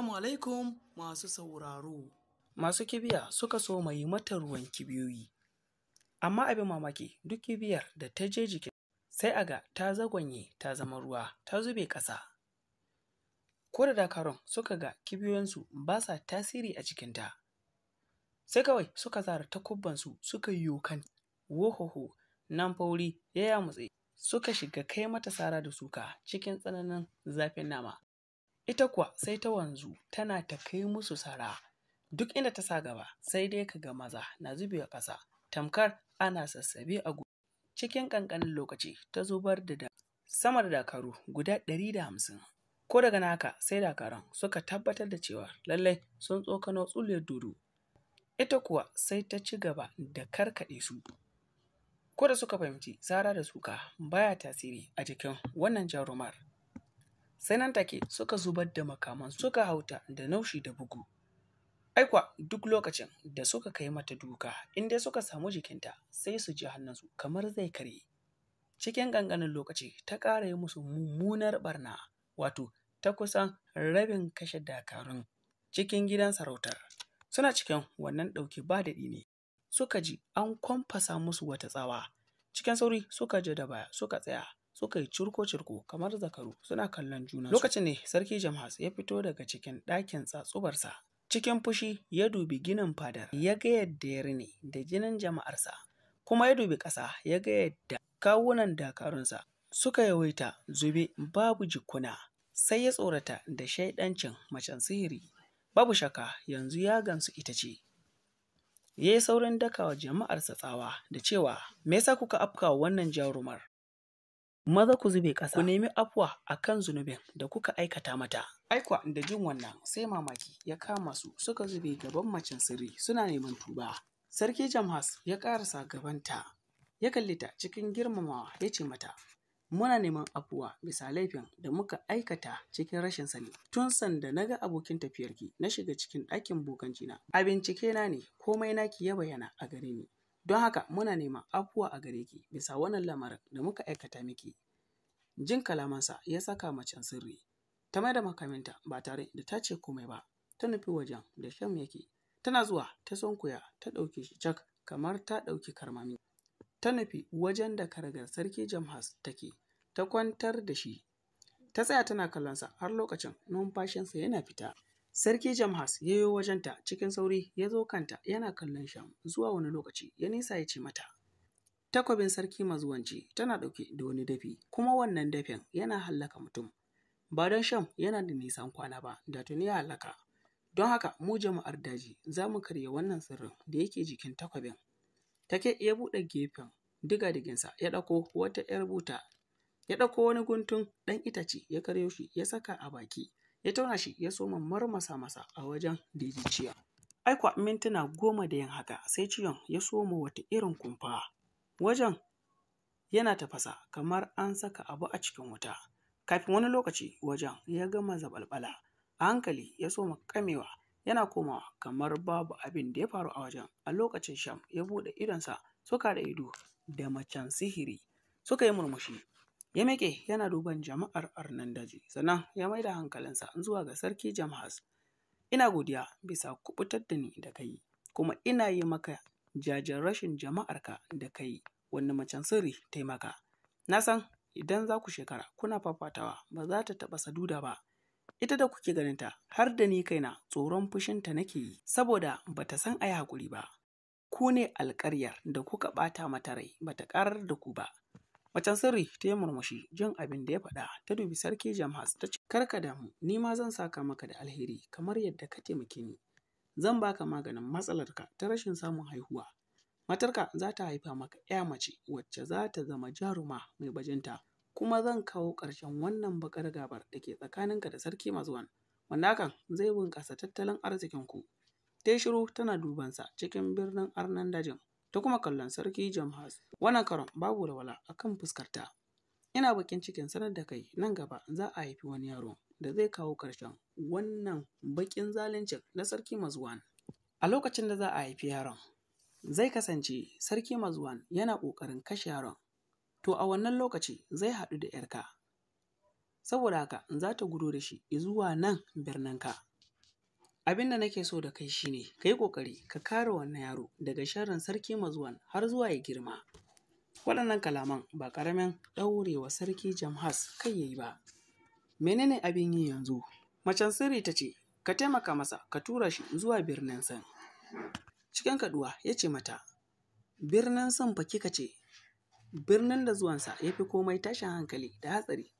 Assalamu alaikum masu sauraro. Masu kibiya suka so mai mata ruwan kibiyoyi. Amma abin mamaki duk kibiyar da ta je jikin sai a ga ta zagwanye ta zama ruwa ta zube ƙasa. Ko da dakarun suka ga kibiyoyinsu ba sa tasiri a cikinta. Sai kawai suka zara takubbansu suka yi yokan wohoho nan fauri ya yamutse suka shiga kai mata sara da suka cikin tsananin zafin nama. ita kuwa sai ta wanzu tana ta kai musu sara duk inda ta sa gaba sai dai ka ga maza na zubewa ƙasa tamkar ana sassabe a gudu cikin ƙanƙanin lokaci ta zubar da sama da dakaru guda ɗari da hamsin. ko daga naka sai dakaran suka tabbatar da cewa lallai sun tsokano tsuliyar dudu ita kuwa sai ta ci gaba da karkaɗe su ko da suka fahimci tsara da suka baya tasiri a jikin wannan jarumar sai nan take suka zubar da makaman suka hauta da naushi da bugu aikwa duk lokacin da suka kai mata duka inda suka samu jikinta sai su ji hannunsu kamar zai karye cikin ganganin lokaci ta ƙara yi musu mummunar barna wato ta kusan rabin kashe dakarun cikin gidan sarautar suna cikin wannan ɗauki ba daɗi ne suka ji an kwamfasa musu wata tsawa cikin sauri suka je da baya suka tsaya suka yi curko-curko kamar zakaru suna kallon juna. Lokacin ne sarki Jamhas ya fito daga cikin ɗakin tsatsubarsa. Cikin fushi ya dubi ginin fadar ya ga yadda ya rine da jinin jama'arsa kuma ya dubi ƙasa ya ga yadda kawunan dakarunsa suka yawaita zube babu jikuna sai ya tsorata da shaidancin macen sihiri. Babu shaka yanzu ya gansu ita ce. ya yi saurin dakawa jama'arsa tsawa da cewa me yasa kuka afkawa wannan jarumar maza ku zube ƙasa ku nemi afuwa a kan zunubin da kuka aikata mata aikwa da jin wannan sai mamaki ya kama su suka zube gaban macen sirri suna neman tuba sarki jamhas ya ƙarasa gabanta ya kalli ta cikin girmamawa ya ce mata muna neman afuwa bisa laifin da muka aikata cikin rashin sani tun sanda na ga abokin tafiyarki na shiga cikin ɗakin bokan jina a bincike na ne komai naki ya bayyana a gare ni Don haka muna neman afuwa a gare ki bisa wannan lamarin da muka aikata miki. Jin kalamansa ya saka macen sirri. Ta mai da makaminta ba tare da ta ce komai ba. Ta nufi wajen da shan yake. Tana zuwa ta kuya ta ɗauke shi cak kamar ta ɗauki karmami. Ta nufi wajen da karagar sarki Jamhas take. Ta kwantar da shi. Ta tsaya tana kallonsa har lokacin numfashinsa yana fita. Sarki Jamhas ya yo wajenta cikin sauri ya zo kanta yana kallon sham zuwa wani lokaci ya nisa ya ce mata. Takwabin sarki mazuwanci tana ɗauke da wani dafi kuma wannan dafin yana hallaka mutum. Ba don sham yana da nisan kwana ba da tuni ya hallaka. Don haka mu jama'ar daji za mu karya wannan sirrin da yake jikin takwabin. Take ya buɗe gefen diga-diginsa ya ɗauko wata ‘yar buta ya ɗauko wani guntun ɗan itace ya karyo shi ya saka a baki ya tauna shi ya soma marmasa masa a wajen Ai Aikwa mintuna goma da yin haka sai ciwon ya soma wata irin kumfa. Wajen yana tafasa kamar an saka abu a cikin wuta. Kafin wani lokaci wajen ya gama zabalbala. A hankali ya soma kamewa yana komawa kamar babu abin da ya faru a wajen. A lokacin Sham ya buɗe idonsa suka da ido da macen sihiri. Suka yi murmushi ya meke yana duban jama'ar arnan daji sannan ya mai da hankalinsa zuwa ga sarki jamhas ina godiya bisa kubutar da ni da kai kuma ina yi maka jajen rashin jama'arka da kai wani macen sirri taimaka na san idan za ku shekara kuna fafatawa ba za ta taɓa saduda ba ita da kuke ganinta har da ni kaina tsoron fushinta nake yi saboda ba ta san a yi haƙuri ba ku ne alƙaryar da kuka ɓata mata rai ba ta ƙarar da ku ba Macen sirri ta yi murmushi jin abin da ya faɗa ta dubi sarki Jamhas ta ce karka damu ni ma zan saka maka da alheri kamar yadda ka taimake ni. Zan baka maganin matsalarka ta rashin samun haihuwa. Matarka za ta haifa maka ‘ya mace wacce za ta zama jaruma mai bajinta kuma zan kawo ƙarshen wannan baƙar gabar da ke tsakaninka da sarki mazuwan wanda hakan zai bunƙasa tattalin arzikinku. Ta yi shiru tana dubansa cikin birnin arnan dajin. ta kuma kallon sarki Jamhas. Wannan karon babu rawala a kan fuskarta. Ina bakin cikin sanar da kai nan gaba za a haifi wani yaro da zai kawo ƙarshen wannan bakin zalincin na sarki Mazuwan. A lokacin da za a haifi yaron, zai kasance sarki Mazuwan yana ƙoƙarin kashe yaron. To a wannan lokaci zai haɗu da ‘yarka. Saboda haka za ta gudu da shi zuwa nan birnin ka. Abin da nake so da kai shine ka yi ƙoƙari ka kare wannan yaro daga sharrin sarki mazuwan har zuwa ya girma. Waɗannan kalaman ba ƙaramin ɗaurewa sarki Jamhas kai yayi ba. Menene abin yi yanzu? Macen sirri ta ce, ka taimaka masa ka tura shi zuwa birnin san. Cikin kaduwa ya ce mata, birnin san fa kika ce, birnin da zuwansa ya fi komai tashin hankali da hatsari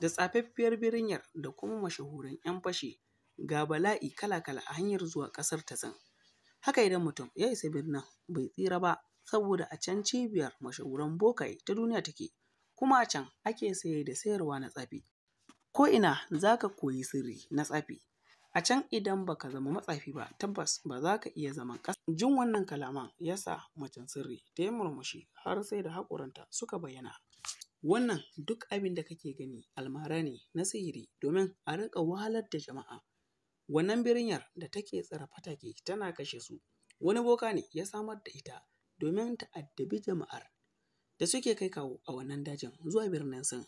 da tsafaffiyar birinyar da kuma mashahuran 'yan fashi ga bala'i kala-kala a hanyar zuwa ƙasar ta can. Haka idan mutum ya isa birnin bai tsira ba saboda a can cibiyar mashahuran bokaye ta duniya take kuma a can ake saye da sayarwa na tsafi. Ko ina za ka koyi sirri na tsafi. A can idan ba ka zama matsafi ba tabbas ba za ka iya zaman ƙasa. Jin wannan kalaman ya sa macen sirri ta yi murmushi har sai da haƙoranta suka bayyana. Wannan duk abin da kake gani almara ne na sihiri domin a riƙa wahalar da jama'a. Wannan birinyar da take tsare fatake tana kashe su, wani boka ne ya samar da ita domin ta addabi jama'ar da suke kai kawo a wannan dajin zuwa birnin Sin.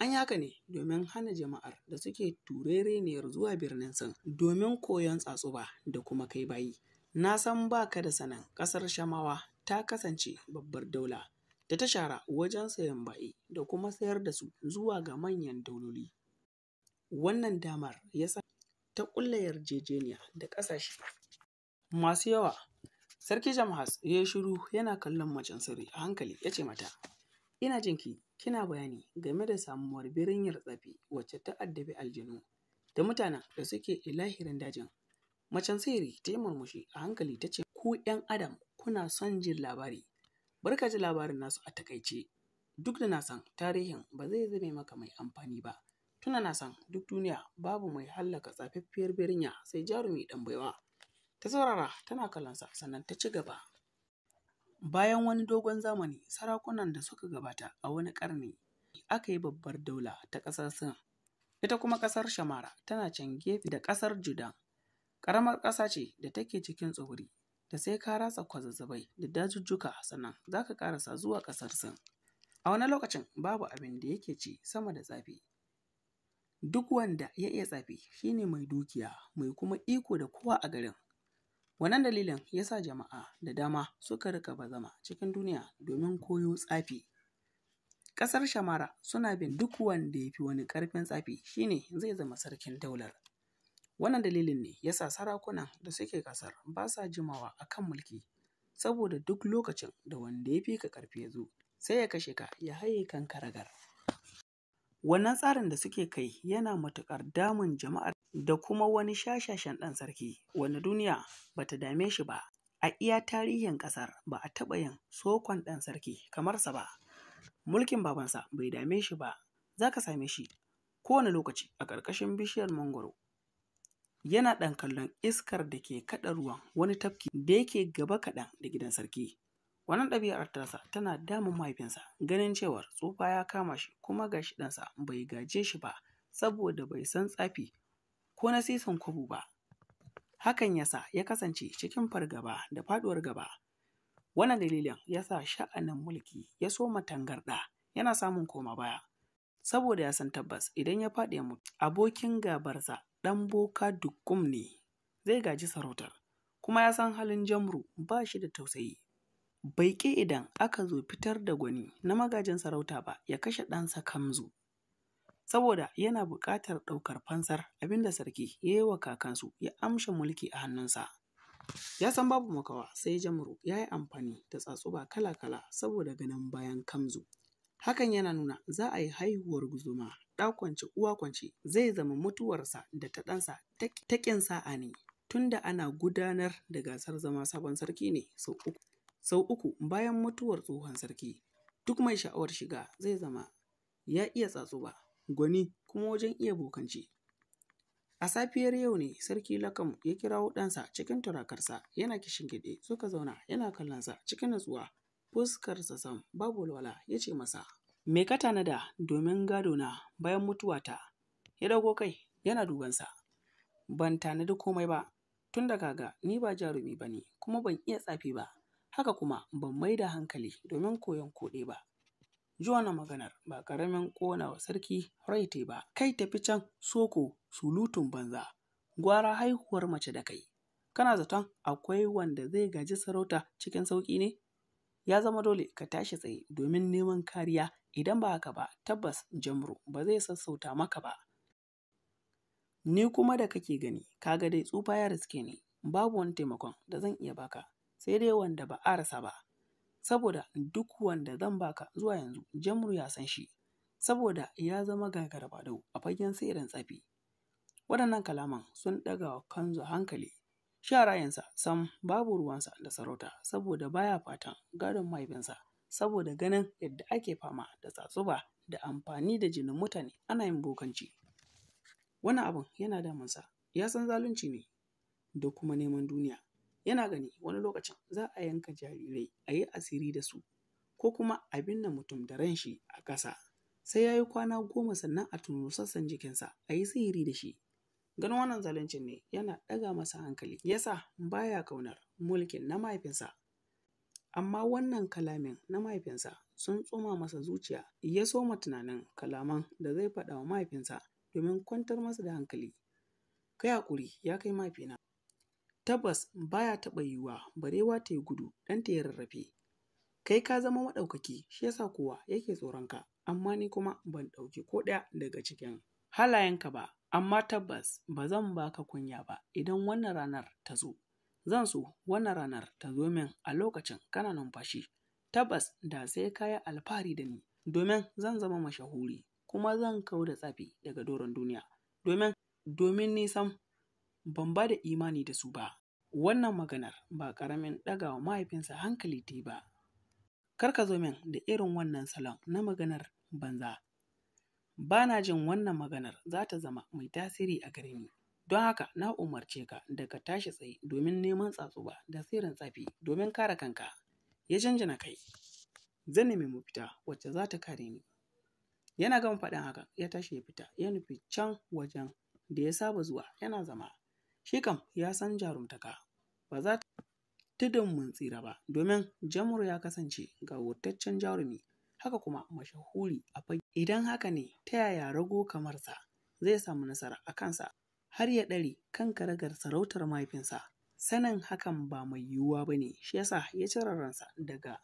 An yi haka ne domin hana jama'ar da suke turereniyar zuwa birnin Sin domin koyon tsatsuba da kuma kai bayi. Na san ba ka da sanan ƙasar Shamawa ta kasance babbar daula da ta shara wajen sayan bayi da kuma sayar da su zuwa ga manyan dauloli. Wannan damar ya sa ta ƙulla yarjejeniya da ƙasashe masu yawa sarki jamhas ya yi shiru yana kallon macen sirri a hankali ya ce mata ina jinki kina bayani game da samuwar birinyar tsafi wacce ta addabi aljanu da mutanen da suke ilahirin dajin macen sirri ta yi murmushi a hankali ta ce ku 'yan adam kuna son jin labari barka ji labarin nasu a takaice duk da na san tarihin ba zai zame maka mai amfani ba Tuna na san duk duniya babu mai hallaka tsafaffiyar birnya sai jarumi dan baiwa. Ta saurara tana kalansa sannan ta ci gaba. Bayan wani dogon zamani sarakunan da suka gabata a wani ƙarni aka yi babbar daula ta ƙasar Sin. Ita kuma ƙasar Shamara tana can gefe da ƙasar Judan. Ƙaramar ƙasa ce da take cikin tsibiri da sai ka ratsa kwazazzabai da dajujjuka sannan za ka ƙarasa zuwa ƙasar Sin. A wani lokacin babu abin da yake ci sama da zafi duk wanda ya iya tsafi shine mai dukiya mai kuma iko da kowa a garin wannan dalilin ya sa jama'a da dama suka rika bazama cikin duniya domin koyo tsafi ƙasar shamara suna bin duk wanda ya fi wani ƙarfin tsafi shine zai zama sarkin daular wannan dalilin ne ya sa sarakunan da suke ƙasar ba sa jimawa a kan mulki saboda duk lokacin da wanda ya fi ka ƙarfi ya zo sai ya kashe ka ya haye kan karagar. Wannan tsarin da suke kai yana matuƙar damun jama'ar da kuma wani shashashan ɗan sarki wanda duniya ba ta dame shi ba. A iya tarihin ƙasar ba a taɓa yin sokon ɗan sarki kamar sa ba. Mulkin babansa bai dame shi ba, za ka same shi kowane lokaci a ƙarƙashin bishiyar mangoro. Yana ɗan kallon iskar da ke kaɗa ruwan wani tafki da yake gaba kaɗan da gidan sarki. Wannan ɗabi'ar tasa tana damun mahaifinsa ganin cewar tsufa ya kama shi kuma gashi ɗansa bai gaje shi ba saboda bai san tsafi ko na sisin kubu ba. Hakan yasa ya kasance cikin fargaba da faɗuwar gaba. Wannan dalilin ya sa sha'anin mulki ya soma tangarɗa yana samun koma baya. Saboda ya san tabbas idan ya faɗi ya mutu abokin gabarsa ɗan boka dukkum ne zai gaji sarautar kuma ya san halin jamru ba shi da tausayi bai ƙi idan aka zo fitar da gwani na magajin sarauta ba ya kashe ɗansa Kamzu. Saboda yana buƙatar ɗaukar fansar abinda sarki ya yi wa kakansu ya amshe mulki a hannunsa. Ya san babu makawa sai Jamuru ya yi amfani da tsatsuba kala-kala saboda ganin bayan Kamzu. Hakan yana nuna za a yi haihuwar guzuma ɗa kwance uwa kwance zai zama mutuwarsa da ta ɗansa ta ƙin sa'a ne tunda ana gudanar da gasar zama sabon sarki ne sau uku. Sau uku bayan mutuwar tsohon sarki, duk mai sha'awar shiga zai zama ya iya tsatsuba, gwani kuma wajen iya bokanci. A safiyar yau ne sarki Lakam ya kira ɗansa cikin turakarsa yana kishingiɗe suka zauna yana kallonsa cikin natsuwa fuskarsa sam babu walwala ya ce masa me ka tanada domin gado na bayan mutuwata ya dago kai yana dubansa ban tanadi komai ba tun da kaga ni ba jarumi ba ne kuma ban iya tsafi ba Haka kuma ban mai da hankali domin koyon koɗe ba. Ji maganar ba ƙaramin ƙona wa sarki raite ba, kai tafi can soko sulutun banza, gwara haihuwar mace da kai. Kana zaton akwai wanda zai gaji sarauta cikin sauƙi ne? Ya zama dole ka tashi tsaye domin neman kariya idan ba haka ba tabbas jamro ba zai sassauta maka ba. Ni kuma da kake gani, ka ga dai tsufa ya riske ne. babu wani taimakon da zan iya baka. sai dai wanda ba a rasa ba saboda duk wanda zan baka zuwa yanzu jamru ya san shi saboda ya zama gagara dau, a fagen sairin tsafi waɗannan kalaman sun ɗaga wa kanzu hankali sharayensa sam babu ruwansa da sarauta saboda baya fatan gadon mahaifinsa saboda ganin yadda ake fama da tsatsuba da amfani da jinin mutane ana yin bokanci wani abin yana damunsa ya san zalunci ne da kuma neman duniya Yana gani wani lokacin za a yanka jarirai a yi asiri da su ko kuma a binne mutum da ran shi a ƙasa sai ya yi kwana goma sannan a tuno sassan jikinsa a yi sihiri da shi. Ganin wannan zaluncin ne yana ɗaga masa hankali yasa baya kaunar mulkin na mahaifinsa. Amma wannan kalamin na mahaifinsa sun tsoma masa zuciya ya soma tunanin kalaman da zai faɗa wa mahaifinsa domin kwantar masa da hankali. Kai haƙuri ya kai mahaifina. tabbas baya taɓa yiwuwa barewa ta yi gudu dan ta ya rarrafe kai ka zama maɗaukaki shi yasa kowa yake tsoronka amma ni kuma ban ɗauki ko ɗaya daga cikin halayenka ba amma tabbas ba zan baka kunya ba idan wannan ranar ta zo zan so wannan ranar ta zo min a lokacin kana numfashi tabbas da sai ka yi alfahari da ni domin zan zama mashahuri kuma zan kau da tsafi daga doron duniya domin domin nisan ban ba da imani da su ba Wannan maganar ba ƙaramin ɗagawa mahaifinsa hankali ta ba. Kar ka zo min da irin wannan salon na maganar banza. Ba na jin wannan maganar za ta zama mai tasiri a gare ni. Don haka na umarce ka da ka tashi tsaye domin neman tsatsuba da tsirin tsafi domin kare kanka. Ya janjina kai. Zan nemi fita wacce za ta kare ni. Yana gama faɗin haka ya tashi ya fita ya nufi can wajen da ya saba zuwa yana zama. Shi kam ya san jarumtaka, ba za ta tudun mun tsira ba, domin Jamur ya kasance ga wutaccen jarumi, haka kuma mashahuri a fage. Idan haka ne, ta yaya rago kamar sa zai samu nasara a kansa har ya ɗare kan karagar sarautar mahaifinsa. Sanin hakan ba mai yiwuwa ba ne, shi yasa ya cire ransa daga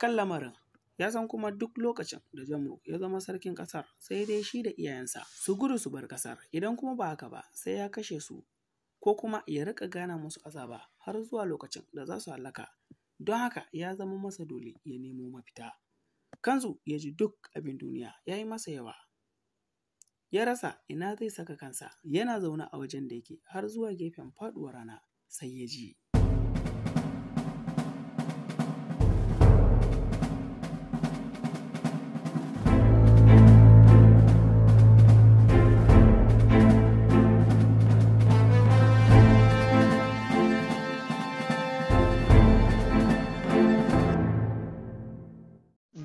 kan lamarin. ya san kuma duk lokacin da Jamruk ya zama sarkin ƙasar sai dai shi da iyayensa su gudu su bar ƙasar idan kuma ba haka ba sai ya kashe su ko kuma ya rika gana musu azaba har zuwa lokacin da za su halaka don haka ya zama masa dole ya nemo mafita kanzu ya ji duk abin duniya ya yi masa yawa ya rasa ina zai saka kansa yana zaune a wajen da yake har zuwa gefen faɗuwar rana sai ya ji